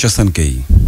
Cheikh Sane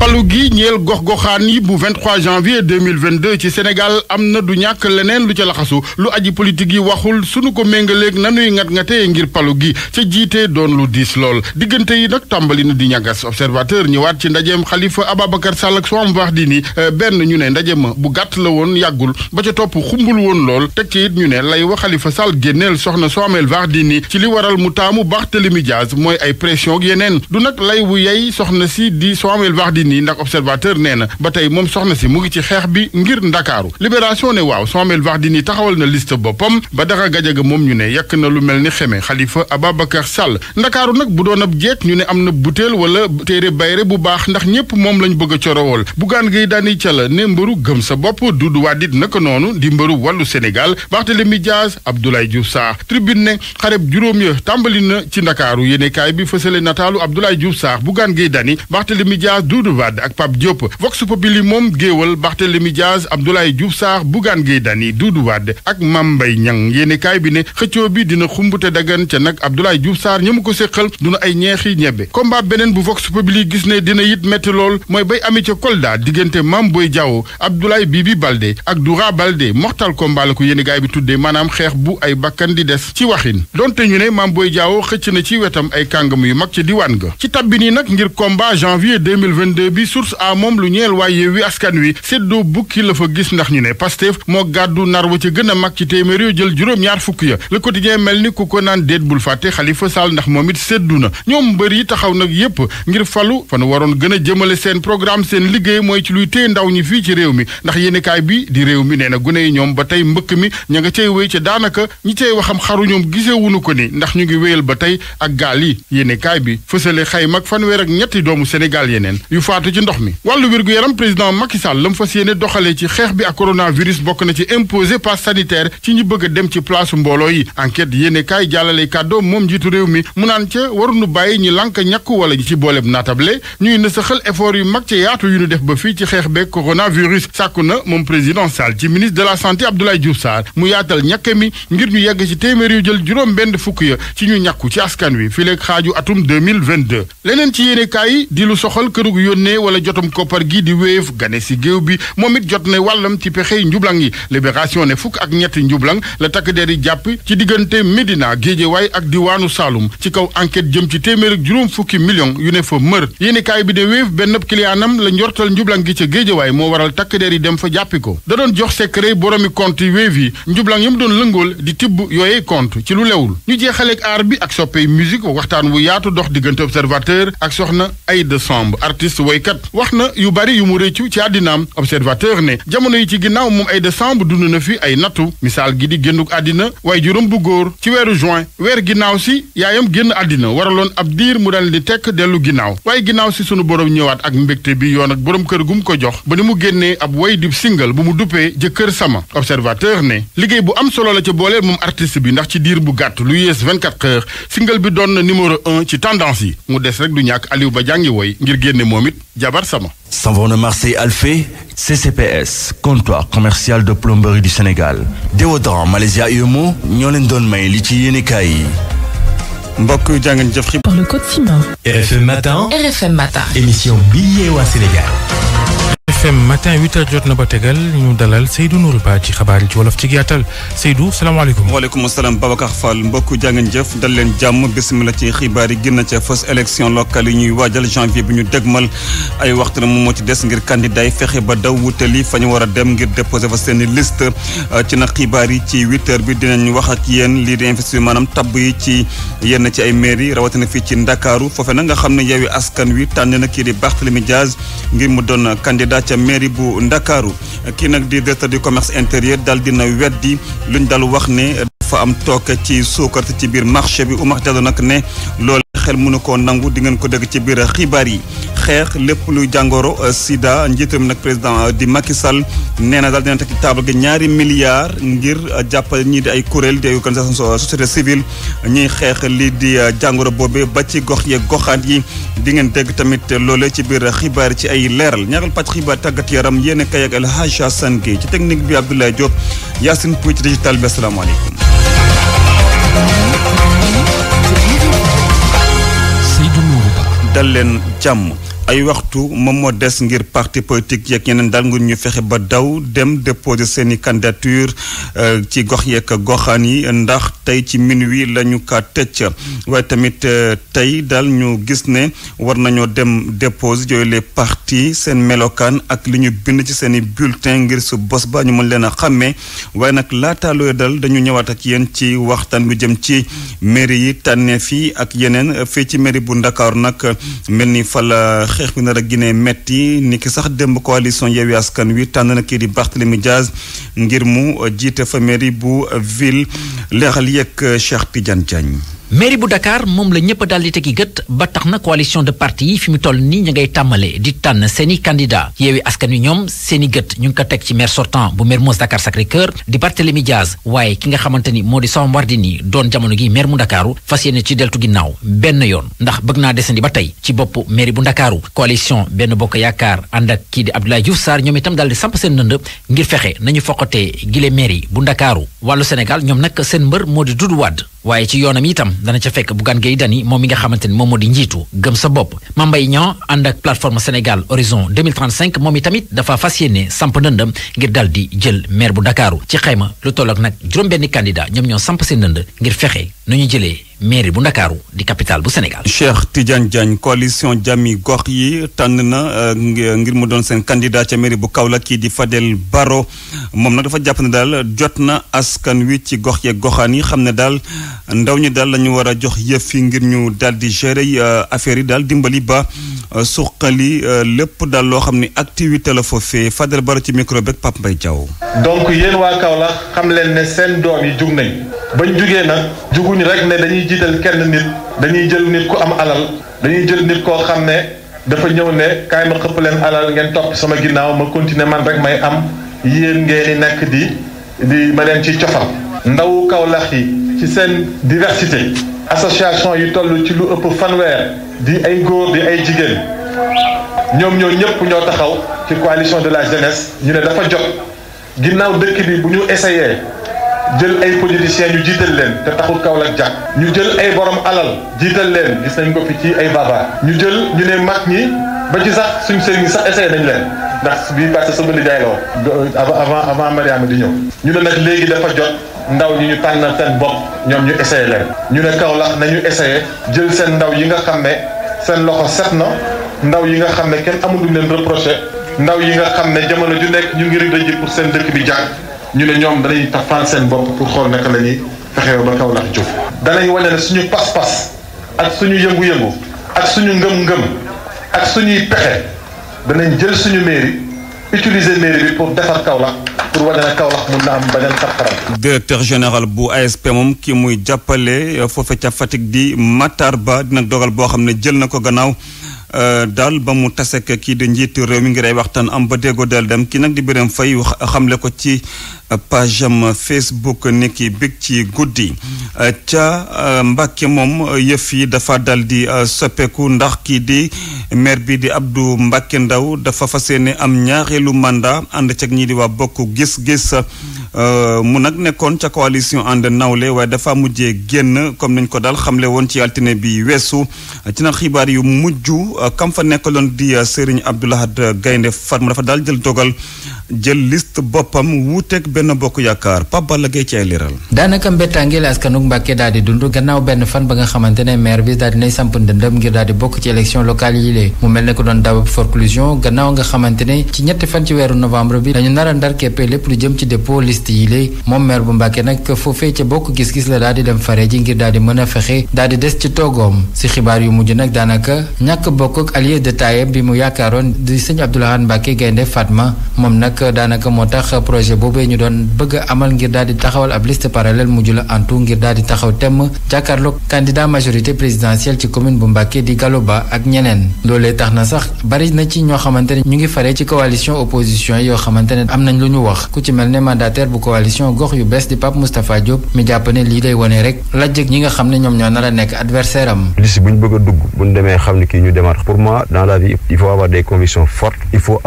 palu gi ñeel gox-goxaan yi bu 23 janvier 2022 ci Sénégal am na du ñàkk leneen lu ca laxasu lu aji politique yi waxul sunu ko méngaleeg nanuy ngat-ngatee ngir palu gi ca jiite doon lu diis lool diggante yi nag tàmbali na di ñagas observateur waat ci ndajeem Khalifa Ababacar Sall ak Soham Wardini euh, benn ñu ne ndaje ma bu gàtt la woon yàggul ba ca topp xumbul woon lool teg ci it ñu ne lay wa Khalifa Sall génneel soxna di Wardini ci li waral mu taamu Barthélémy Diaz mooy ay pression ak yeneen du nag lay wu yey soxna si di Sohamel Wardini nii ndax observateur nee na ba tey moom soxna si mu ngi ci xeex bi ngir ndakaaru libération ne waaw Soham El Wardini taxawal na liste boppam ba daxa gajaga moom ñu ne yakk na lu mel ni xeme Xalifa Ababacar Sall ndakaaru nag bu doon ab jeet ñu ne am na butéel wala téere bayre bu baax ndax ñépp moom lañ bëgg a corowool buggaan gay daani ca la ne mbëru gëm sa bopp dudu waadit naka noonu di mbëru wàllu Sénégal Barthélémy Dias Abdoulaye Diouf Sarr tribune ne xareb juróom ya tàmbali na ci ndakaaru yéene bi fësale nataalu Abdoulaye Diouf Sarr buggaan Wade ak Pape Diop Vox Populi moom géewal Barthélémy Diaz Abdoulaye Diouf Sarr Bougane Gueye Dany Doudou Wade ak Mame Mbaye Niang yéenekaay bi ne xëccoo bi dina xumbute dagan ca nag Abdoulaye Diouf Sarr ñamu ko séqal duna ay ñeexi ñebbe combat beneen bu Vox Populi gis ne dina it metti lool mooy bay amee ca Kolda diggante Mame Boye Diao Abdoulaye bi Baldé ak Doura Baldé mortal combat la ko yéenekaay bi tuddee maanaam xeex bu ay bakkan di des ci waxin donte ñu ne Mame Boye Diao xëcc na ci wetam ay kàngam yu mag ca diwaan ga ci 2 bi source a moom lu ñeel waaye Yewwi Askan Wi séddoo bukki la fa gis ndax ñu ne Pastef moo gàddu nar wa ca gën a mag ci téeméer yoo jël juróom-ñaar fukk ya Le Quotidien mel ni ku ko naan déet bul fàtte Khalifa Sall ndax moom it séddu na ñoom mbër yi taxaw nag yépp ngir falu fanu waroon gën a jëmale seen programme seen liggéey mooy ci luy téye ndaw ñi fii ci réew mi ndax yéenekaay bi di réew mi nee na gune yi ñoom ba tey mbëkk mi ña nga cay wéy ca daanaka ñi cay waxam xaru ñoom gisewunu ko ni ndax ñu ngi wéyal ba tey ak yi yéenekaay bi fësale xay mag fanweer ak ñetti doomu Sénégal yeneen faatu ci ndox mi wàllu wér yaram président Macky Sall la mu fas yéene doxalee ci xeex bi ak coronavirus bokk na ci imposé passe sanitaire ci ñu bëgg a dem ci place mbooloo yi enquête yéene kaay jàllale kàddoo moom njiitu réew mi mu naan ca waruñu bàyyi ñi lànk ñàkk wala ñi ci booleb naatable ñuy na saxal effort yu mag ca yaatu yu ñu def ba fii ci xeex beeg coronavirus sàkku na moom président Sall ci ministre de la santé Abdoulaye Diouf Sarr mu yaatal ñàkke mi ngir ñu yegg ci téeméer yu jël juróom benn fukk ya ñu ñàkku ci askan wi fileeg xaaju atum 2022 leneen ci yéene kaay di lu soxal kërug yoon yónnee wala jotum koppar gi di wéef gane si géew bi moom it jot na wàllam ci pexey njublang yi libération ne fukk ak ñetti njublang la takk der yi jàpp ci diggante Médina Géejawaay ak diwaanu Saalum ci kaw enquête jëm ci téeméer juróom fukki million yu ne fa mër yéenekaay bi de wéef benn kiliyaanam la njortal njublang gi ca Géejawaay moo waral takk der yi dem fa jàppi ko da doon jox secret boroomi compte wéef yi njublang yi doon lëngool di tibb yooyee ci lu lewul ñu jeexaleeg aar bi ak soppey musique waxtaan wu yaatu dox diggante observateur ak soxna Aïda Samb woykat wax na yu bari yu mu réccu ci àddinaam observateur ne jamono yi ci ginnaaw moom ay décembre dund na fi ay nattu misaal gi di génnuk àddina waaye juróom bu góor ci weeru juin weer ginnaaw si yaayam génn àddina waraloon ab diir mu dal di tekk dellu ginnaaw waaye ginnaaw si sunu borom ñëwaat ak mbégte bi yoon ak borom kër gu mu ko jox ba ni mu génnee ab way dib singal bu mu duppee jëkkër sama observateur ne liggéey bu am solo la ca booleel moom artiste bi ndax ci diir gàtt lu yées 24 heures single bi doon na numéro ci tendance yi mu des rek du ñàkk Aliou Ba jàngi woy ngir génne moom Jabar Sama. Savon de Marseille Alphée, CCPS, comptoir commercial de plomberie du Sénégal. déodorant Malaysia Umo, ñoo leen doon may li ci yéenekaay yi. mbokk jàngeen jëf. le code FIMA. RFM matin. RFM matin. émission bi Sénégal. FM matin 8h jot na ba tegal ñu dalal Seydou Nourou Ba ci xabaar yi ci wolof ci gàttal Seydou salaamaaleykum. waaleykum salaam Babacar Fall mbokk jàngeen jëf dal leen jàmm bisimilah ci xibaar yi gën na ca fës élection locale yi ñuy waajal janvier bi ñu dégmal ay waxtu na moom moo ci des ngir candidat yi fexe ba daw wutali fa ñu war a dem ngir déposer fa seen liste ci na xibaar yi ci 8h bi dinañ wax ak yéen lii di investissement maanaam tabb yi ci yenn ci ay maires yi rawatina fii ci Ndakaaru foofee nag nga xam ne Yewwi Askan Wi tànn na kii di Barthélémy Dias ngir ca bu Ndakaaru kii nag di directeur du commerce intérieur dal dina weddi luñ dal wax ne dafa am tooke ci suukar ci biir marché bi Oumar Diallo nag ne loolu xel mënu koo nangu di ngeen ko dégg ci biir xibaar yi xeex lépp luy jàngoro euh, Sida njiitam nag président euh, di makisal Sall nee na daal dina teg table gi ñaari milliards ngir euh, jàppal ñii di ay kuréel di ay organisation société civile ñuy xeex lii di jàngoro boobe ba ci gox yeeg goxaat yi di ngeen dégg tamit loole ci biir xibaar ci ay leeral ñaaral pàcc xibaar tàggat yaram yéen kay ak El Hadj Assane Gueye ci technique bi Abdoulaye Diop Yacine Pouy ci digital bi asalaamaaleykum. Seydou ay waxtu moom moo des ngir parti politique yeeg ñeneen daal ngir ñu fexe ba daw dem déposer seeni candidature euh, ci gox yeeg goxaan yi ndax tey ci minuit la ñu ka tëcc waaye tamit euh, tey daal ñu gis ne war nañoo dem déposer yooyu les partis seen melokaan ak li ñu bind ci seeni bulletin ngir su bos ba ñu mën leen a xàmmee waaye nag laata looy dal dañu ñëwaat ak yéen ci waxtaan lu jëm ci mairie yi tànneef yi ak yeneen fi ci mairie bu Ndakaaru nag mel ni fa la xeex bi nar a Guinée metti ni ki sax démb coalition Yewwi Askan Wi tànn na kii di Barthélemy Diaz ngir mu jiite fa bu ville leexal yeeg Cheikh Tidiane Diagne mairie bu Dakar moom la ñëpp daal di tegi gët ba tax na coalition de parti yi fi mu toll nii ñu ngay tàmmale di tànn seeni candidat yeewi askan wi ñoom seeni gët ñu ngi ko teg ci maire sortant bu Mermoz Dakar Sacré-Cœur di Barthélémy Diaz waaye ki nga xamante ni moo di Soham Wardini doon jamono gi maire mu Ndakaaru fas yéene ci deltu ginnaaw benn yoon ndax bëgg naa desandi ba tey ci bopp mairie bu Ndakaaru coalition benn bokk yaakaar ànd ak kii di Abdoulaye Diouf Sarr ñoom itam daal di samp seen nënd ngir fexe nañu foqatee gile mairie bu Ndakaaru wàllu Sénégal ñoom nag seen mbër moo di Doudou waaye ci yoonam itam dana ca fekk Bougane Gueye Dany moom mi nga xamante ni moom moo di njiitu gëm sa bopp Mame Mbaye Niang ànd ak plateforme Sénégal horizon 2035 moom tamit dafa fas yéene samp ndëndam ngir dal di jël maire bu Ndakaaru ci xayma lu toll ak nag juróom-benni candidat ñoom ñoo samp seen ndënd ngir fexe nu ñu jëlee mairie bu ndakaaru di capitale bu Sénégal. Cheikh Tidiane Diagne coalition Jami gox yi tànn na euh, ngir mu doon seen candidat ca mairie bu Kaolack kii di Fadel Baro moom na dafa jàpp ne daal jot na askan wi ci gox yeeg goxaan yi xam ne daal ndaw ñi daal lañu ñu war a jox yëf yi ngir ñu daal di gérer euh, affaire yi daal dimbali ba euh, suqali lépp dal loo xam ne activité la foofee Fadel Baro ci micro beeg Pape jaw donc yéen waa Kaolack xam leen seen doom yi jug nañ jiital kenn nit dañuy jël nit ku am alal dañuy jël nit koo xam ne dafa ñëw ne kaay ma xëpp leen alal ngeen topp sama ginnaaw ma continuer man rek may am yéen ngeen nekk di di ma leen ci cofal ndawu Kaolack yi ci seen diversité association yi toll ci lu ëpp fanweer di ay góor di ay jigéen ñoom ñoo ñëpp ñoo taxaw ci coalition de la jeunesse ñu ne dafa jot ginnaaw dëkk bi bu ñu essayé jël ay politiciens ñu jiital leen te taxul Kaolack jàkk ñu jël ay borom alal jiital leen gis nañ ko ci ay baba ñu jël ñu ne mag ñi ba ci sax suñ sëriñ sax essayé nañ leen ndax bii parce que sama avant avant Mariama di ñëw ñu ne nag léegi dafa jot ndaw ñi ñu tànnal seen bopp ñoom ñu essayé leen ñu ne Kaolack nañu essayé jël seen ndaw yi nga xam ne seen loxo set na ndaw yi nga xam ne kenn amul lu leen reproché ndaw yi nga xam ne jamono ju nekk ñu ngi rëdd ji pour seen dëkk bi jàng ñu ne ñoom danañ tafaal seen bopp pour xool naka la ñuy fexewo ba Kaolack jóg danañ wane ne suñu pas-pas ak suñu yëngu-yëngu ak suñu ngëm-ngëm ak suñuy pexe danañ jël suñu mairie utiliser mairie bi pour defar Kaolack pour wane ne Kaolack mun na am beneen xar-xaram directeur général bu ASP moom kii muy jàppale foofu ca Fatick di Matar Ba dina dogal boo xam ne jël na ko gannaaw Euh, daal ba mu tasek kii di njiitu réew mi ngir ay waxtaan am ba déggoo dal dem ki nag di Birame fay wax xamle ko ci euh, page am Facebook ni ki big ci guddi euh, ca mbakke moom yëf yi dafa dal di soppeeku ndax kii di maire bi di Abdou Mbàkke Ndaw dafa fas yéene am ñaaxeelu mandat ànd ceeg ñii di waa bokk gis-gis mu nag nekkoon ca coalition ànd nawle waaye dafa mujjee génn comme nañ ko daal xamle woon ci altine bi weesu ci nag xibaar yu mujj kam fa nekkaloon di uh, Serigne Abdoulahad uh, Gaynde Fatma dafa daal jël dogal jël liste boppam wuuteeg benn bokk yaakaar Pape Balla Gaye ci ay leeral. daanaka mbettaange la askanug Mbàkke daal di dund gannaaw benn fan ba nga xamante ne maire bi daal di nay samp ndëndëm ngir daal di bokk ci élection locale yi lee mu mel ne ko doon dawab forclusion gannaaw nga xamante ne ci ñetti fan ci weeru novembre bi dañu nar a ndar keppee lépp lu jëm ci dépôt liste yi lee moom maire bu Mbàkke nag foofee ca bokk gis-gis la daal di dem fare ji ngir daal di mën a fexe daal di des ci toogoom xibaar yu mujj nag daanaka ñàkk bokk ak allié de taille bi mu yaakaaroon di sëñ Abdourahmane Mbàkke Gaynde Fatma moom nag nag daanaka moo tax projet boobee ñu doon bëgg amal ngir daal di taxawal ab liste parallèle mujj la antu ngir daal di taxaw temm jàkkaarloog candidat majorité présidentielle ci commune bu Mbacké di Gallo Ba ak ñeneen loolee tax na sax bari na ci ñoo xamante ne ñu ngi faree ci coalition opposition yoo xamante ne am nañ lu ñu wax ku ci mel ne mandataire bu coalition gox yu bees di Pape Moustapha Diop mi jàpp ne lii day wone rek lajjëg ñi nga xam ne ñoom ñoo nar a xam ne kii ñu démarre pour moi dans la vie il faut avoir des convictions fortes il faut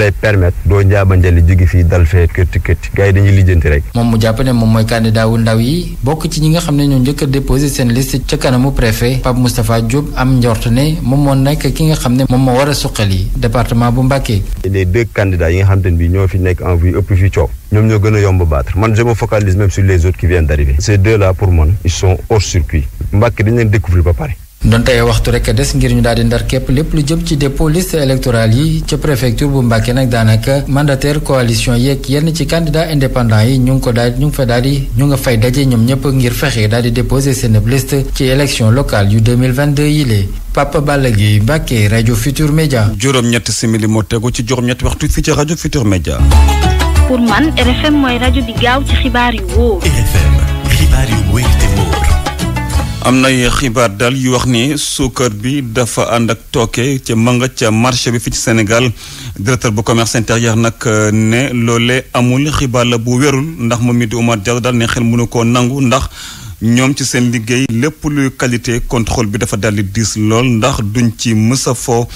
lay permettre doo njaaba njali jóge fii dal fee këtti këtti gars dañuy lijjanti rek. moom mu jàpp ne moom mooy candidat wu ndaw yi bokk ci ñi nga xam ne ñoo njëkk a déposé seen liste ca kanamu préfet Pape Moustapha Diop am njort ne moom moo nekk ki nga xam ne moom moo war a suqali département bu Mbacké. les deux candidats yi nga xam te ne bii ñoo fi nekk en ëpp fi coow. ñoom ñoo gën a yomb battre man je me focalise même sur les autres qui viennent d'arriver. ces deux ba pare. doon waxtu rek des ngir ñu daal di ndar képp lépp lu jëm ci dépôt liste électorale yi ca préfecture bu Mbàkke nag daanaka mandataire coalition yeeg yenn ci candidat indépendant yi ñu ngi ko daal ñu ngi fa daal di ñu nga fay daje ñoom ñëpp ngir fexe daal di seen liste ci élection locale yu 2022 yi lee Papa Balla Guèye Mbàkke rajo Futur Média. juróom-ñetti simili moo ci juróom-ñetti waxtu fii rajo Futur Média. pour man RFM mooy rajo bi gaaw ci xibaar yu wóor. am nay xibaar daal yi wax ni suukar bi dafa ànd ak tooke ci manga ca marché bi fi ci Sénégal directeur bu commerce intérieur nag euh, ne loolee amul xibaar la bu wérul ndax moom it di Oumar Diallo daal ne xel mënu koo nangu ndax ñoom ci seen liggéey lépp luy qualité contrôle bi dafa daldi diis lool ndax duñ ci mës a foo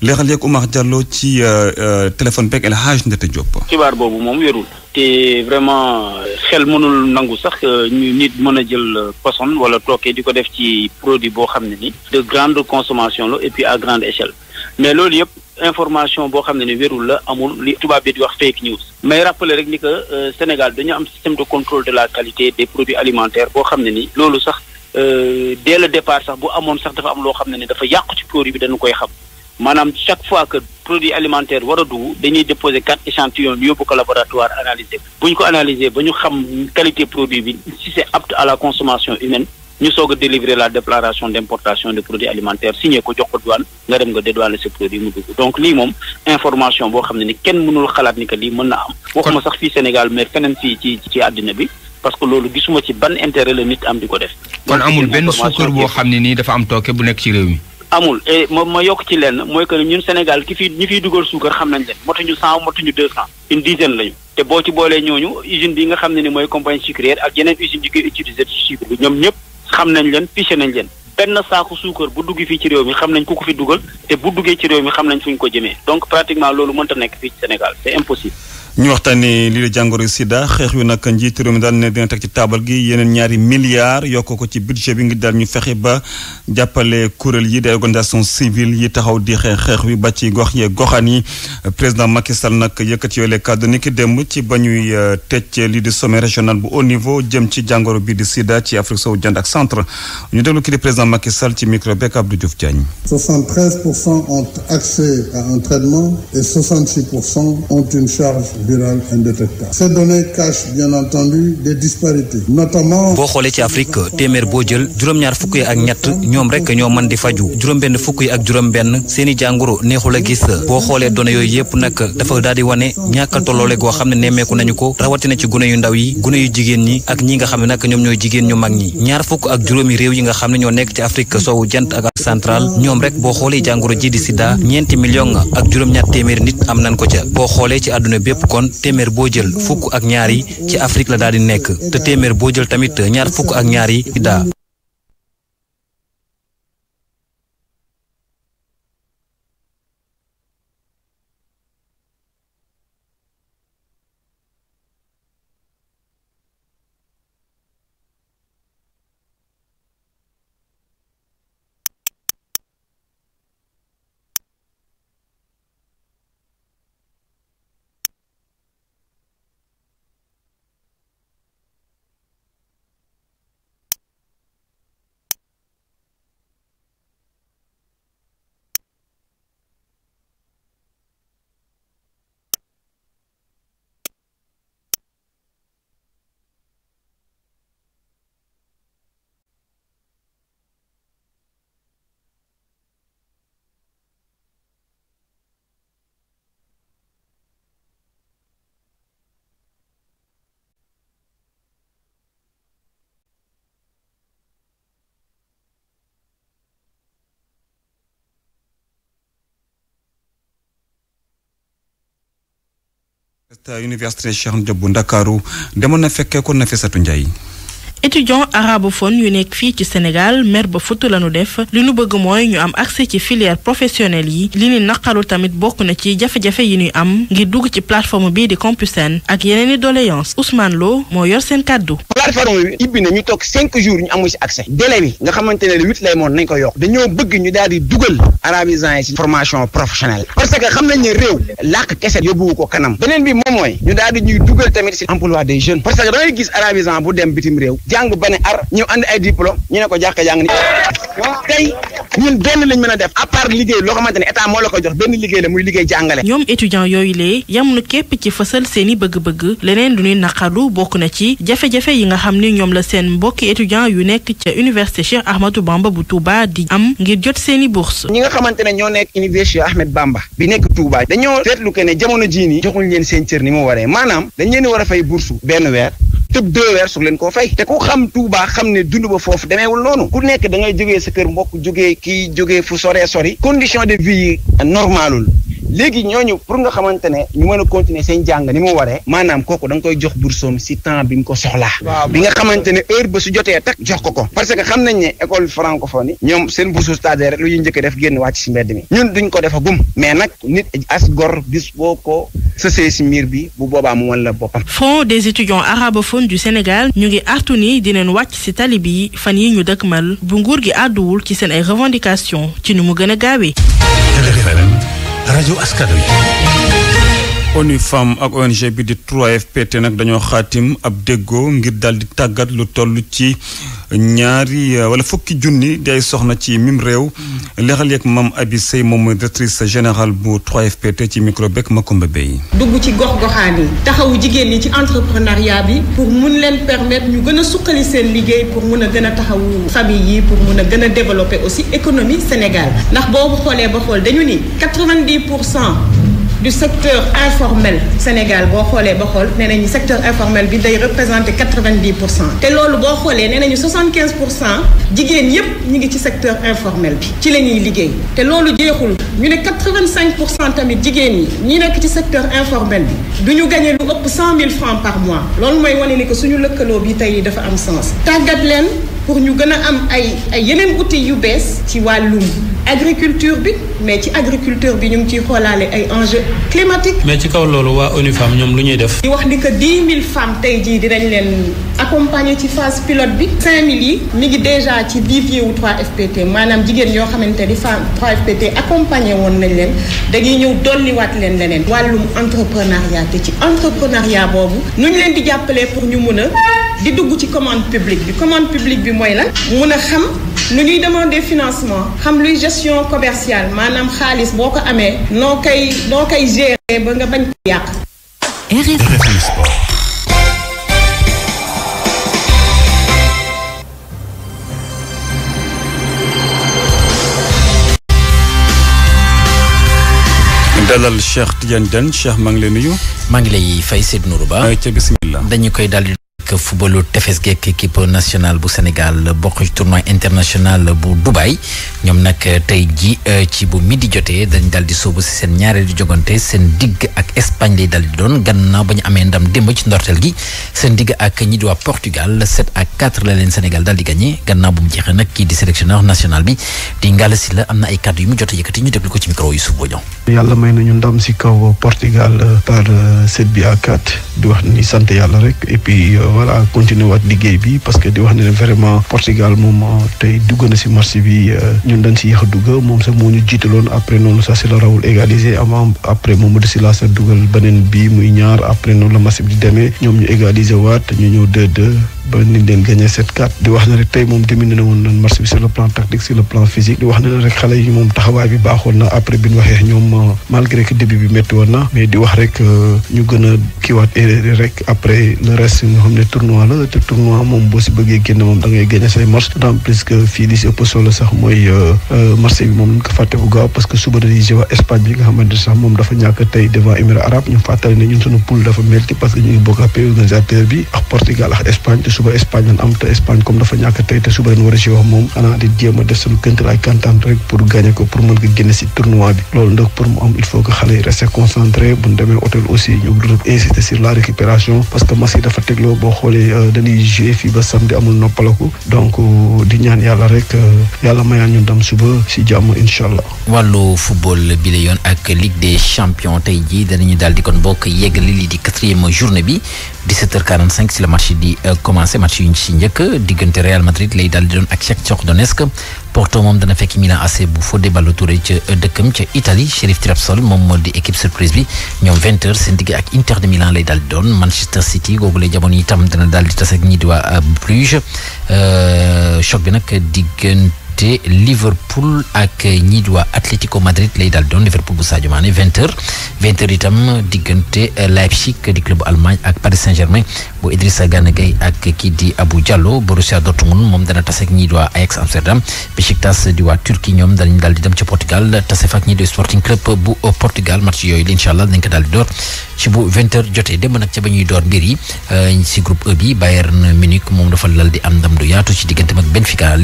leexal yeeg Oumar Diallo ci euh, euh, téléphone beeg El Hadj Ndete Diop. xibaar boobu moom wérul. te vraiment xel mënul nangu sax euh, ñu nit mën a jël euh, poison wala tooke di ko def ci produit boo xam ne ni de grande consommation la et puis à grande échelle mais loolu yëpp information boo xam ne ni wérul la amul li tubaab bi di wax fake news mais rappeler rek ni que euh, Sénégal dañu am système de contrôle de la qualité des produits alimentaires boo xam ne ni loolu sax dès le départ sax bu amoon sax dafa am loo xam ne ni dafa yàqu ci produit bi dañu koy xam maanaam chaque fois que produit alimentaire war a dugg dañuy déposer quatre échantillons yóbbu ko laboratoire analyser bu ñu ko analyser ba ñu xam qualité produit bi si c'est apte à la consommation humaine ñu soog a délivrer la déclaration d'importation de produits alimentaires signé ko jox ko douane nga dem nga dédouaner ce produit mu dugg donc lii moom information boo xam ne ni kenn mënul xalaat ni que lii mën na am waxuma sax fii Sénégal mais feneen fii ci ci àddina bi parce que loolu gisuma ci ban intérêt nit am di ko def kon amul benn suukar boo xam ne nii dafa am tooke bu nekk ci réew mi amul et moom ma yokk ci lenn mooy que ñun Sénégal ki fi ñi fiy dugal suukar xam nañ leen motuñu cent motuñu deux cent une dizaine lañu te boo ci boolee ñooñu usine bi nga xam ne ni mooy compagnie sucrière ak yeneen usine yi koy utiliser ci sucre bi ñoom ñëpp xam nañ leen piché nañ len benn saaku suukar bu dugg fii ci réew mi xam nañ ku ko fi dugal te bu duggee ci réew mi xam nañ fu ñu ko jëmee donc pratiquement loolu mënta nekk fii ci Sénégal c'est impossible ñu waxtaanee lii la jàngoro sida xeex yu nag njiit réew mi daal ne dina teg ci taabal gi yeneen ñaari milliards yokk ko ci budget bi ngir daal ñu fexe ba jàppale kuréel yi des organisations civiles yi taxaw di xeex xeex wi ba ci gox yee goxaan yi président Macky Sall nag yëkkati yooyu les kàddu ni ki ci ba ñuy euh, tëj lii di sommet régional bu haut niveau jëm ci jàngoro bi di sida ci Afrique sowu jant ak centre ñu déglu kii di président Macky ci micro beeg Abdou Diouf Diagne. 73 pour cent boo xoolee ci Afrique téeméer boo jël juróom-ñaar fukk yi ak ñett ñoom rek ñoo mën di faju juróom-benn fukk yi ak juróom-benn seeni jàngoro neexul a gis boo xoolee données yooyu yëpp nag dafa daal di wane ñàkk tolloole goo xam ne nemmeeku nañu ko rawatina ci gune yu ndaw yi gune yu jigéen ñi ak ñi nga xam ne nag ñoom ñooy jigéen ñu mag ñi ñaar fukk ak juróomi réew yi nga xam ne ñoo nekk ci Afrique soowu jant ak ak centrale ñoom rek boo xoolee jàngoro ji di sida ñeenti million ak juróom-ñaar téeméeri nit am nañ ko ca boo xoolee ci àdduna bépp kon téeméer boo jël fukk ak ñaari ci Afrique la daal di nekk te téeméer boo jël tamit ñaar fukk ak ñaari yi université Cheikh Anta Diop bu Ndakaaru demoon na fekkee ko Nafissatou Ndiaye étudiant fon yu nekk fii ci Sénégal mer ba futt lañu def li nu bëgg mooy ñu am accès ci filière professionnelle yi li ni naqaru tamit bokk na ci jafe-jafe yi ñuy am ngir dugg ci plateforme bii di Campusen ak yeneen i doléance Ousmane Lo moo yor seen kàddu plateforme bi ibbi na ñu toog cinq jours ñu amu ci accès délai bi nga xamante ne le huit lay moon nañ ko yokk dañoo bëgg ñu daal di dugal arabisants yi ci formation professionnelle parce que xam nañ ne réew làkk kese yóbbuwu ko kanam beneen bi moom mooy ñu daal di ñuy dugal tamit ci emploi des jeunes parce que da bu dem bitim réew jàng ba ne ar ñu andi ay diplôme ñu ne ko jàkka jàng ni tey ñun benn lañ mën a def à part liggéey loo xamante ne état moo la ko jox benn liggéey la muy liggéey jàngale ñoom étudiant yooyu lee yamunu képp ci fësal seeni bëgg-bëgg leneen du ñuy naqaru bokk na ci jafe-jafe yi nga xam ni ñoom la seen mbokki étudiant yu nekk ca université Cheikh Ahmadou Bamba bu Touba di am ngir jot seeni bourse ñi nga xamante ne ñoo nekk université Cheikh Ahmed Bamba bi nekk Touba dañoo seetlu que ne jamono jii nii leen seen ni mu waree maanaam dañ leen war a fay bourse benn weer te deux weer su leen koo fay te ku xam Touba xam ne dund ba foofu demeewul noonu ku nekk dangay jóge sa kër mbokk jógee kii jóge fu soree sori condition de vie yi normalul léegi ñooñu pour nga xamante ne ñu mën a continuer seen jàng ni mu waree maanaam kooku danga koy jox bursoom si temps bi nga ko soxlaa bi nga xamante ne heure ba su jotee tak jox ko ko parce que xam nañ ne école francophone yi ñoom seen bourse stagiaire rek lu ñuy njëkk def génn wàcc si mbedd mi ñun duñ ko defa gum mais nag nit as gor bis boo ko sësee si miir bi bu boobaa mu wan la boppam Fonds des étudiants arabophones du Sénégal ñu ngi artu ni dineen wàcc si tali bi fan yi ñu dëkkmal bu nguur gi àdduwul ci seen ay revendications ci ni mu gën a gaawee rajo askan wi ONU Femmes ak ONG bi di 3FPT nag dañoo xaatim ab déggoo ngir daal di tàggat lu toll ci ñaari wala fukki junni di ay soxna ci mim réew mm. leexal yeeg Mame Abi Seye moom mooy directrice générale bu 3FPT ci micro beeg Makumba Bey dugg ci gox goxaan yi taxawu jigéen ñi ci entrepreneuriat bi pour mun leen permettre ñu gën a suqali seen liggéey pour mun a gën a taxawu famille yi pour mun a gën a aussi économie Sénégal ndax boobu xoolee ba xool dañu du secteur informel Sénégal boo xoolee ba xool ne nañu secteur informel bi day représenté quatre vingt dix pour cent te loolu boo xoolee nee nañu soixante quinze pour cent jigéen yépp ñu ngi ci secteur informel bi ci la ñuy liggéey te loolu jeexul ñu ne 85 pour cent tamit jigéen ñi ñi nekk ci secteur informel bi du ñu gañee lu ëpp 100 000 francs par mois loolu mooy wane ni que suñu lëkkaloo bi tey dafa am sens. tàggat leen pour ñu gën a am ay ay yeneen outils yu bees ci wàllum agriculture bi mais ci agriculture bi ñu ngi ciy xoolaale ay enjeux climatiques. mais ci kaw loolu waa ONU ñoom lu ñuy def. di wax ni que 10 000 femmes tey jii dinañ leen. accompagné ci phase pilot bi 5000 mi ngi déjà ci vivier wu 3FPT maanaam jigéen yoo xamante ni femme 3FPT accompagné woon nañ leen dañuy ñëw dolliwaat leen leneen wàllum entrepreneuriat te ci entrepreneuriat boobu nu ñu leen di jàppalee pour ñu mun a di dugg ci commande publique bi commande publique bi mooy lan mun a xam nu ñuy demander financement xam luy gestion commerciale maanaam xaalis boo ko amee noo koy noo koy gérer ba nga bañ ko yàq. dalal Cheikh Tidiane Diagne Cheikh maa ngi lay nuyu. maa ngi lay fay Seydou Nourou Ba. ayca bisimilah dañu koy dal ak footballu tefes geek équipe nationale bu Sénégal bokk ci tournoi international bu Dubaï ñoom nag eh, tey ji eh, ci bu di jotee dañ daal di sóobu si seen ñaareelu jogante seen digg ak Espagne lay daal di doon gannaaw ba ñu amee ndam démb ci ndorteel gi seen digg ak ñi di waa Portugal 7 à 4 la leen Sénégal daal di gagné gannaaw bu mu jeexee nak kii di sélectionneur national bi di Ngalla Sylla am na ay kàddu yu mu jot a yëkkati ñu déglu ko ci micro yu suuf boo ñëw. yàlla may nañu ndam si kaw eh, voilà continuer waat liggéey bi parce que di wax ne vraiment Portugal moom ah, tey dugg na si match bi euh, ñun dañ si yéex a dugg moom sax moo ñu jiitaloon après noonu sax si la rawul égaliser avant après Mamadou Sylla sa dugal beneen bi muy ñaar après noonu la match bi di demee ñoom ñu égaliser waat ñu ñëw 2 ba ni leen gagné 7-4 di wax ne rek tey moom diminué na woon nañ match bi sur le plan tactique sur le plan physique di wax ne rek xale yi moom taxawaay bi baaxoon na après bi ñu waxee euh, euh, a kiiwaat erreur rek après le reste ñoo xam ne tournoi la te tournoi moom boo si bëggee génn moom da ngay gagné say match d'autant plus que fii di si ëpp solo sax mooy euh, match bi moom ñu ko fàtte bu gaaw parce que suba dañuy jëwa Espagne bi nga dafa ñàkk tey devant Émirats arabes ñu fàttali ne ñun suñu poule dafa métti parce que ñu ngi bokk ak bi ak Portugal ak Espagne te suba Espagne lan am te Espagne comme dafa ñàkk tey te suba leen war a si wax moom xanaa di jéem a def këntalaay kantaan rek pour gagner ko pour mën ko génne si tournoi bi loolu nag pour mu am il faut que xale yi rester concentré bu ñu demee hôtel aussi ñu gën insister sur la récupération parce que match dafa tegloo boo xoolee euh, dañuy jouer fii ba samedi amul noppalaku donc euh, di ñaan yàlla rek euh, yàlla mayaan ñu ndam suba si jàmm incha allah. wàllu football la yoon ak Ligue des champions tey jii danañu daal di kon bokk yeggali lii di commencé match yu ñu njëkk diggante Real Madrid lay daal doon ak Shakhtar Donetsk Porto moom dana fekk Milan AC bu Fodé Ballo-Touré ca euh, dëkkam ca Italie Sheriff Tiraspol moom moo di équipe surprise bi ñoom 20 seen digg ak Inter de Milan lay daal doon Manchester City googu lay jamono itam dana daal di tas ñi di waa euh, Bruges euh, choc bi nag diggante diggante Liverpool ak ñi di waa Atlético Madrid lay daal doon Liverpool bu Sadio Mané vingt itam diggante euh, Leipzig di club Allemagne ak Paris Saint-Germain bu Idrissa Gana Gueye ak kii di Abou Diallo Borussia Dortmund moom dana tase ak ñi di di waa Turquie ñoom danañ daal di dem ci Portugal tase fa ak ñi di Sporting Club bu Portugal match yooyu la incha allah dañ ko daal di door ci bu vingt jotee démb nag ca ba ñuy door mbir euh, ci groupe E Bayern Munich moom dafa lal di am ndam du yaatu ci digganteem ak Benfica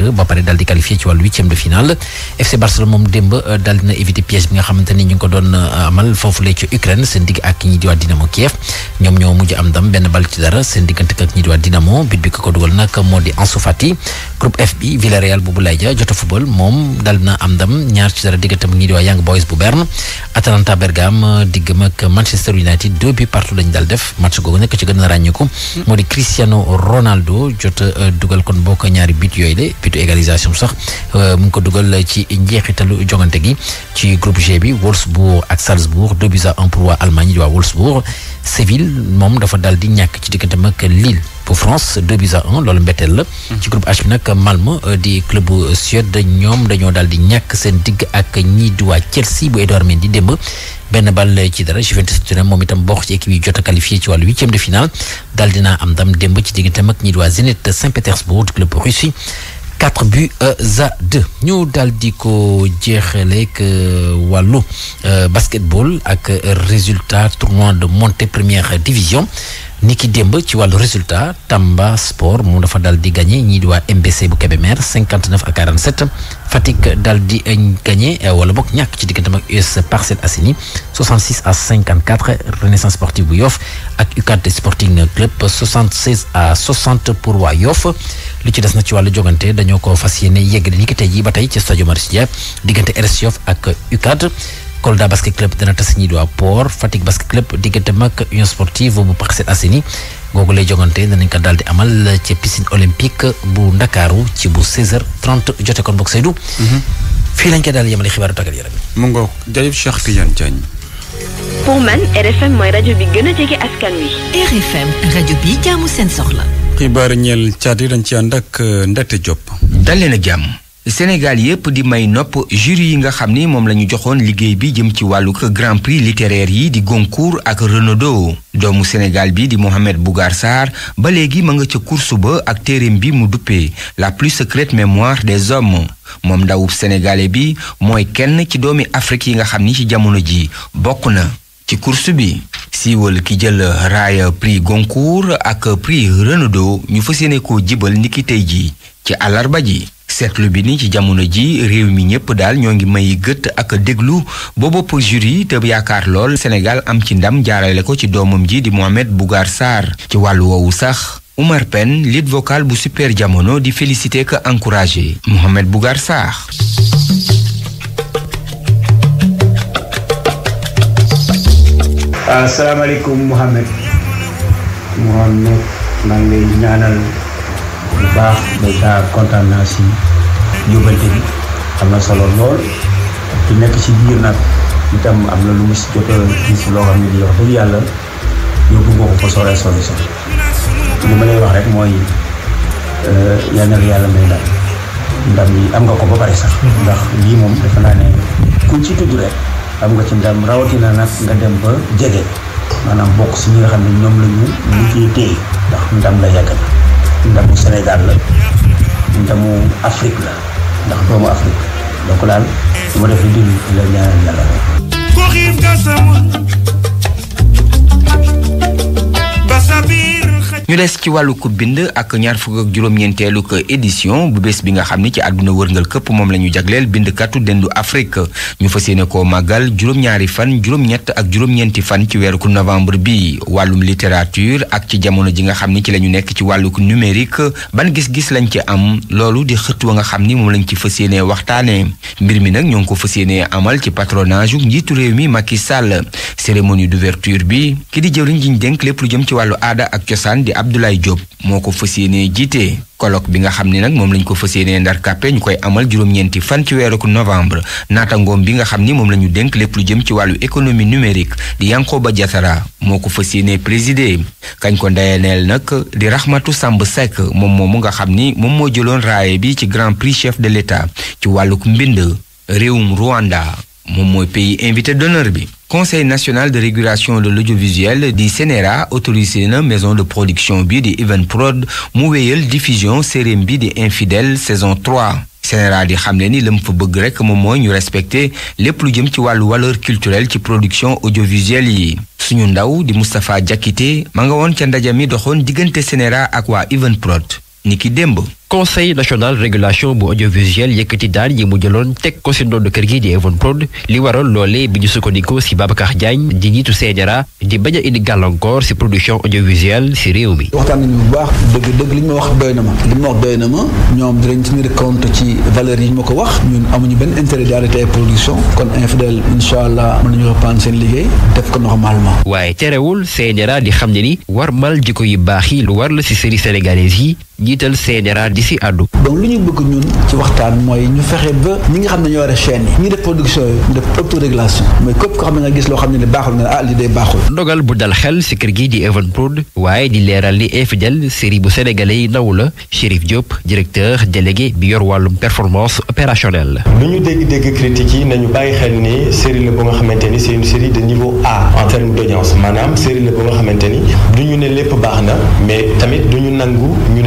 2 ba pare daal di qualifié ci wàllu huitième de finale FC Barcelone moom démb euh, daal dina éviter piège bi nga xamante ñu ngi doon euh, amal foofulee ci Ukraine seen digg ak ñi di waa Dynamo ñoom ñoo mujj am ndam benn bal ci dara seen diggante ak ñi di waa Dynamo bi ko dugal nag moo di Ansu groupe F bi Villarreal bu Boulaye Dia jota football moom daal dina am ndam ñaar ci dara diggante ak ñi Young Boys bu Berne Atalanta Bergame euh, diggam a ràññeeku mm. moo di bitu égalisation sax euh, mu ngi ko dugal ci njeexitalu jongante gi ci groupe G bi Wolfsburg ak Salzbourg deux buts à un pour waa Allemagne waa Wolfsburg Séville moom dafa dal di ñàkk ci digganteem ak Lille pour France deux buts à un loolu mbetteel la. Mhm. ci groupe H bi nag Malmö euh, di club bu Suède ñoom dañoo daal di ñàkk seen digg ak ñii di waa Chelsea bu Edouard Mendy démb. benn bal ci dara Juventus Turin moom itam bokk ci équipe yi jot a qualifié ci wàllu huitième de finale daal dinaa am ndam démb ci digganteem ak ñii di waa Zenit Saint-Pétersbourg club Russie 4 buts euh, à 2 ñu daal di ko jeexaleeg euh, wàllu euh, basketball ak résultat tournoi de montée première division ni ki démb ci wàllu résultat Tamba Sport mu dafa dal di gagné ñii di waa MBC bu Kébémer 59 à 47 Fatick daal di gagné wala boog ñàkk ci diggantam ak US Parcelles Assainies 66 à 54 Renaissance sportive bu Yoff ak UCAD Sporting Club 76 à 60 pour waa Yoff li ci des na ci wàllu jogante dañoo ko fas yéene yegg ni ki ba tey ci stade Marius Ndiaye diggante RS ak UCAD Kolda basket club dana tas ñi di waa Port Fatick basket club diggante mag union sportive bu Parcelles Assainies googu lay jogante danañ ko daal di amal ci piscine olympique bu Ndakaaru ci bu 16h30 jote kon boog mhm. fii lañ koy daal yemale xibaaru tàggat yaram yi. mu ngoog jërëjëf Cheikh rajo bi gën a jege xibaar ñeel caat dañ ci ànd ak euh, Ndete Diop. dalee na jàmm. Sénégal yépp di may nopp jury yi nga xam ni moom la ñu joxoon liggéey bi jëm ci wàllu grand prix littéraire yi di Goncourt ak Renaudot doomu Sénégal bi di Mohamed Bougar Sarr ba léegi ma nga ca course ba ak téereem bi mu duppee la plus secrète mémoire des hommes moom ndawub sénégalais bi mooy kenn ci doomi Afrique yi nga xam ni ci jamono ji bokk na ci course bi siiwal ki jël raaya prix Goncourt ak prix Renaudot ñu fa yéene ko jibal niki tey ji ci àllarba ji seetlu bi ni ci jamono ji réew mi ñëpp daal ñoo ngi may gët ak déglu ba bopp yi te yaakaar lool Sénégal am ci ndam jaarale ko ci doomam ji di Mohamed Bougar Sarr ci wàllu woowu sax Oumar Pène lead vocal bu super jamono di féliciter que encourager Mohamed Bougar Sarr asalaamaaleykum Mouhamed Mouhamed maa ngi lay ñaanal bu baax déjà kontaan naa si yóbbante bi am na solo lool di nekk si biir nag itam am na lu mu si jot a gis yàlla yóbbu nga ko fa sore sori sori li ma lay wax rek mooy eh, yal na yàlla may ndam ndam yi am nga ko ba pare sax. ndax lii moom defe naa ne kuñ ci tudd rek. xam nga ci ndam rawatina nag nga dem ba jege maanaam bokk si ñi nga xam ne ñoom lañu ñu mujjee ndax ndam la yàgg na ndamu Sénégal la ndamu Afrique la ndax doomu Afrique donc daal du ma def lu dul la ñaanal yàlla ñu des ci wàllu ko bind ak ñaar fukk ak juróom-ñeenteelu ko édition bu bés bi nga xam ni ci àdduna wërngal këpp moom la ñu jagleel bindkatu dendu Afrique ñu fas yéene koo màggal juróom-ñaari fan juróom-ñett ak juróom-ñeenti fan ci weeru novembre bi wàllum littérature ak ci jamono ji nga xam ni ci la ñu nekk ci wàllu numérique ban gis-gis lañ ci am loolu di xët wa nga xam ni moom lañ ci fas yéene waxtaanee mbir mi nag ñoo ngi ko fas yéene amal ci patronage yu njiitu réew mi Macky ki di jëwriñ ji ñu dénk lépp lu jëm ci wàllu aada ak cosaan Abdoulaye Diop moo ko fas yéenee jiite colloque bi nga xam ni nag moom lañ ko fas yéenee ndar kàppe ñu koy amal juróom-ñeenti fan ci weeru novembre naatangoom bi nga xam ni moom la ñu dénk lépp lu jëm ci wàllu économie numérique di Yankoba Diatara moo ko fas yéenee présider kañ ko ndeyaneel nag di Rahmatou Samb Seck moom moomu nga xam ni moom moo jëloon raaye bi ci grand prix chef de l'État ci wàlluk mbind réewum Rwanda moom mooy pays invité d'honneur bi conseil national de régulation de l'audiovisuel di CNRA autorisé na maison de production bi di Evenprod mu wéyal diffusion séréem bi di Infidèles saison 3 CNRA di xamle ni la mu fa bëgg rek moom mooy ñu respecter lépp lu jëm ci wàllu valeur culturel ci production audiovisuelle yi suñu ndaw di Moustapha Diakité ma nga woon ca ndaje mi doxoon diggante CNRA ak waa Evenprod ni ki démb conseil national régulation bu audiovisuel yëkkati daan yi mu jëloon teg ko si ndodd kër gi di Evon Prod li waral loolee bi ñu sukkandikoo si Babacar Diagne di njiitu CNRA di bañ a indi gàllankoor si production audiovisuelle si réew mi. waxtaan nañu bu baax dëgg dëgg li ñu ma wax doy na ma li ma wax doy ma ñoom dinañ tenir compte ci valeur yi ñu ma ko wax ñun amuñu benn intérêt di arrêté ay production kon infidèle incha mën nañu reprendre seen liggéey def ko normalement. waaye terewul di xam ne ni war mal jikko yu baax yi si série sénégalaise yi njiital CNRA di si àddu donc lu ñu bëgg ñun ci waxtaan mooy ñu fexe ba ñi nga xam ne ñoo war a chaîne yi ñi def production yi def autorégulation mooy képp ko xam ne nga gis loo xam ne ne baaxul nga ah, xel si kër gi di Evenprod waaye di leeral li infidèle série bu sénégalais yi naw la Chérif Diop directeur délégué bi yor wàllum performance opérationnelle lu ñu dégg-dégg critiques yi nañu bàyyi xel ni série la bu nga xamante ni c'est une série de niveau A en termes d'audience maanaam série la bu nga xamante ni du ñu ne lépp baax na mais tamit du ñu nangu ñu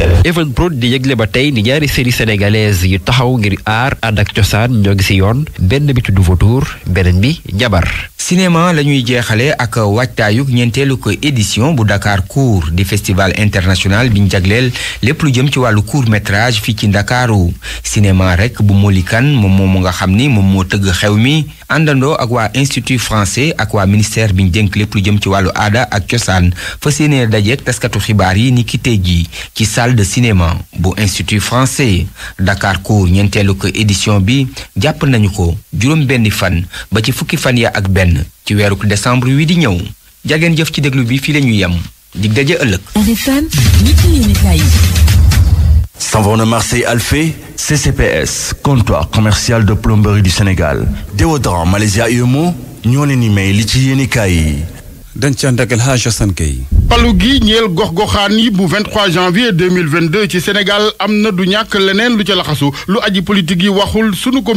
def Evenprod di yëgle ba tey ni ñaari série sénégalaise yi taxaw ngir aar ànd ak cosaan ñoo ngi si yoon benn bi tudd Vautour beneen bi Njabar cinéma la ñuy jeexale ak waajtaayug ñeenteelu ko édition bu Dakar Court di festival international biñ jagleel lépp lu jëm ci wàllu court métrage fii ci Ndakaaru cinéma rek bu Molikan moom moom nga xam ni moom moo tëgg xew mi àndandoo ak waa institut français ak waa ministère biñ jënk lépp lu jëm ci wàllu aada ak cosaan fa séenee dajeek taskatu xibaar yi ni ki tey jii ci salle de cinéma bu institut français dakaar Court ñeenteelu ko édition bi jàpp nañu ko juróom fan ba ci fukki fan ya ak benn benn ci weeru décembre wi di ñëw jageen jëf ci déglu bi fii la ñuy yem dig daje ëllëg. Savon de Marseille Alphé, CCPS, comptoir commercial de plomberie du Sénégal. Déodorant Malaysia Yomo, ñoo leen di may li ci yéen yi. dañ ca ndagal Hadj Assane Gueye. palu gi ñeel gox-goxaan yi bu 23 janvier 2022 ci Sénégal am na du ñàkk leneen lu ca laxasu lu aji politique yi waxul sunu ko.